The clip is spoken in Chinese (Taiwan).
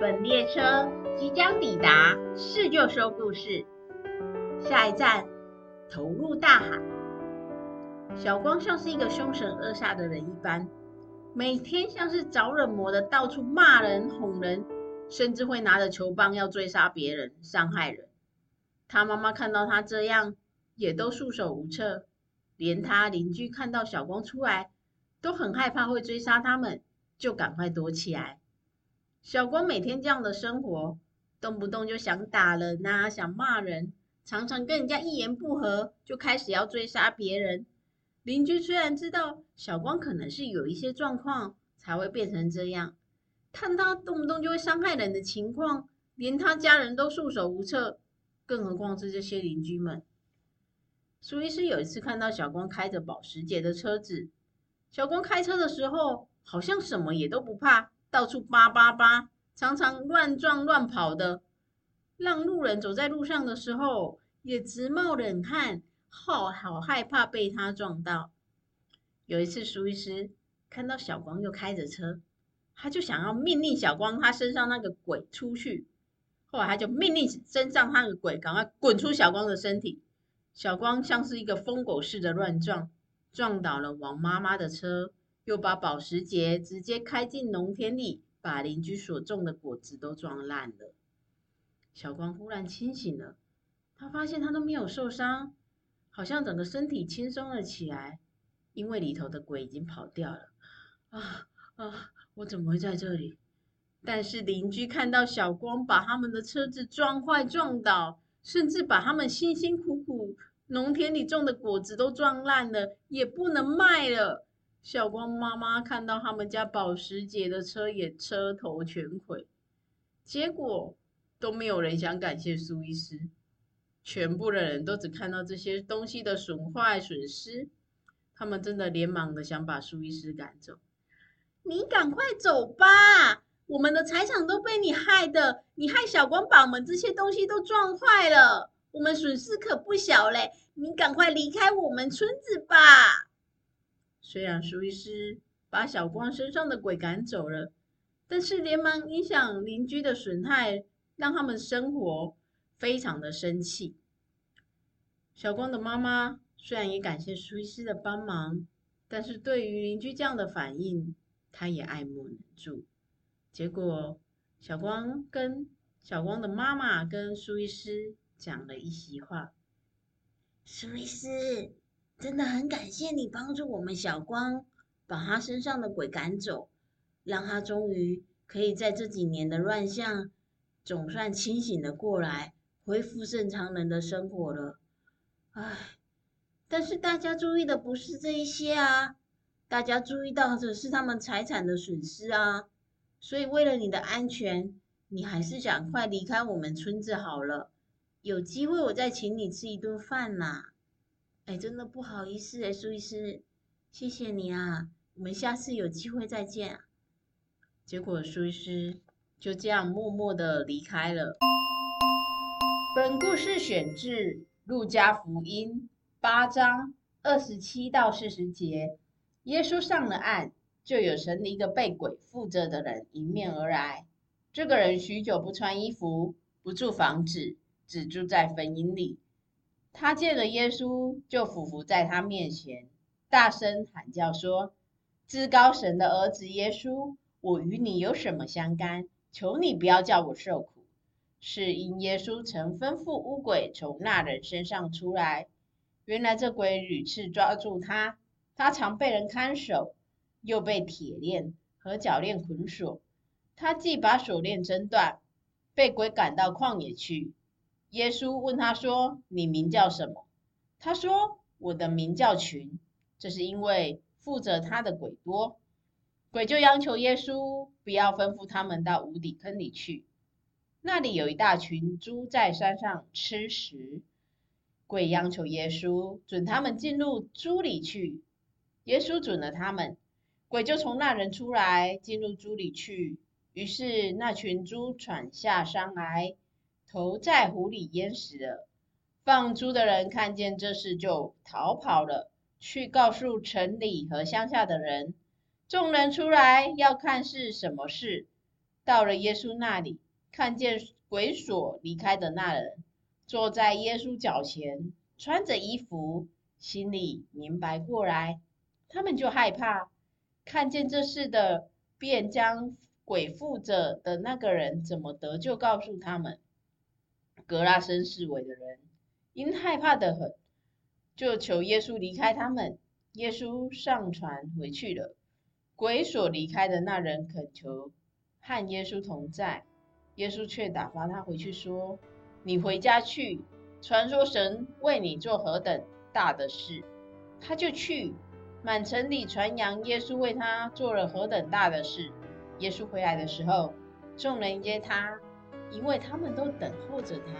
本列車即將抵達《是就說故事》，下一站投入大海。小光像是一個凶神惡煞的人一般，每天像是着了魔的到處罵人、哄人，甚至會拿着球棒要追殺別人、傷害人。他媽媽看到他這樣，也都束手無策，連他鄰居看到小光出來，都很害怕會追殺他們，就趕快躲起來。小光每天這樣的生活，動不動就想打人吶，想罵人，常常跟人家一言不合就開始要追殺別人。鄰居雖然知道小光可能是有一些狀況才會變成這樣，看他動不動就會傷害人的情況，連他家人都束手無策，更何況是這些鄰居們。蘇醫師有一次看到小光開着保時捷的車子，小光開車的時候好像什麼也都不怕。到處叭叭叭，常常亂撞亂跑的，讓路人走在路上的時候也直冒冷汗，好好害怕被他撞到。有一次，蘇醫師看到小光又開着車，他就想要命令小光他身上那個鬼出去，後來他就命令身上那個鬼趕快滾出小光的身體。小光像是一個瘋狗似的亂撞，撞倒了王媽媽的車。就把保時捷直接開進農田裡，把鄰居所種的果子都撞爛了。小光忽然清醒了，他發現他都沒有受傷，好像整個身體輕鬆了起來，因為裡頭的鬼已經跑掉了。啊啊！我怎麼會在這裡？但是鄰居看到小光把他們的車子撞壞、撞倒，甚至把他們辛辛苦苦農田裡種的果子都撞爛了，也不能賣了。小光媽媽看到他們家保時捷的車也車頭全毀，結果都沒有人想感謝蘇醫師，全部的人都只看到這些東西的損壞損失。他們真的連忙的想把蘇醫師趕走。你趕快走吧，我們的財產都被你害的，你害小光把我們這些東西都撞壞了，我們損失可不小嘞。你趕快離開我們村子吧。雖然舒醫師把小光身上的鬼趕走了，但是連忙影響鄰居的損害，讓他們生活非常的生氣。小光的媽媽雖然也感謝舒醫師的幫忙，但是對於鄰居這樣的反應，她也愛莫能助。結果，小光跟小光的媽媽跟舒醫師講了一席話。舒醫師，真的很感謝你幫助我們小光，把他身上的鬼趕走，讓他終於可以在這幾年的亂象，總算清醒了過來，恢復正常人的生活了。唉，但是大家注意的不是這一些啊，大家注意到的是他們財產的損失啊。所以為了你的安全，你還是趕快離開我們村子好了。有機會我再請你吃一頓飯吶。哎、欸，真的不好意思誒、欸，蘇醫師，謝謝你啊，我們下次有機會再見，啊。結果蘇醫師就這樣默默的離開了。 本故事選自《路加福音》八章二十七到四十節。耶穌上了岸，就有城裡一個被鬼附着的人迎面而來。這個人許久不穿衣服，不住房子，只住在墳塋裡。他見了耶穌，就俯伏，伏在他面前，大聲喊叫說：“至高神的兒子耶穌，我與你有什麼相干？求你不要叫我受苦。是因耶穌曾吩咐汙鬼從那人身上出來。原來這鬼屢次抓住他，他常被人看守，又被鐵鏈和腳鐐捆鎖。他既把鎖鍊掙斷，被鬼趕到曠野去。”耶穌問他說：“你名叫什麼？”他說：“我的名叫群，這是因為附着他的鬼多。”鬼就央求耶穌不要吩咐他們到無底坑裡去，那裡有一大群豬在山上吃食。鬼央求耶穌准他們進入豬裡去，耶穌准了他們，鬼就從那人出來，進入豬裡去，於是那群豬闖下山崖。投在湖裡淹死了。放豬的人看見這事就逃跑了，去告訴城裡和鄉下的人。眾人出來要看是什麼事。到了耶穌那裡，看見鬼所離開的那人坐在耶穌腳前，穿着衣服，心裡明白過來。他們就害怕，看見這事的，便將鬼附着的那個人怎麼得救告訴他們。格拉森四圍的人因害怕得很，就求耶穌離開他們。耶穌上船回去了。鬼所離開的那人懇求和耶穌同在，耶穌卻打發他回去，說：“你回家去，傳說神為你做何等大的事。”他就去，滿城裡傳揚耶穌為他做了何等大的事。耶穌回來的時候，眾人迎接他。因為他們都等候着他。